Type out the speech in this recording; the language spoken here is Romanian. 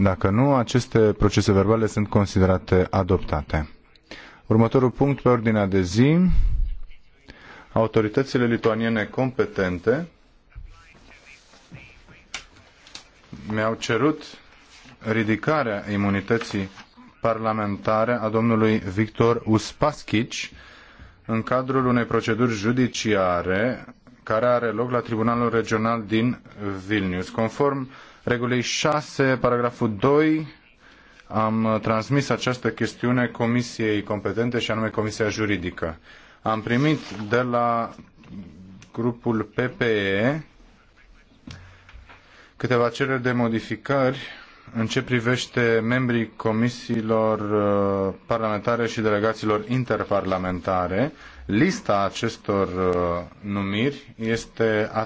Dacă nu, aceste procese verbale sunt considerate adoptate. Următorul punct pe ordinea de zi. Autoritățile lituaniene competente mi-au cerut ridicarea imunității parlamentare a domnului Victor Uspaskic în cadrul unei proceduri judiciare care are loc la Tribunalul Regional din Vilnius. Conform regulii 6, paragraful 2, am transmis această chestiune Comisiei competente și anume Comisia Juridică. Am primit de la grupul PPE câteva cereri de modificări în ce privește membrii comisiilor uh, parlamentare și delegațiilor interparlamentare, lista acestor uh, numiri este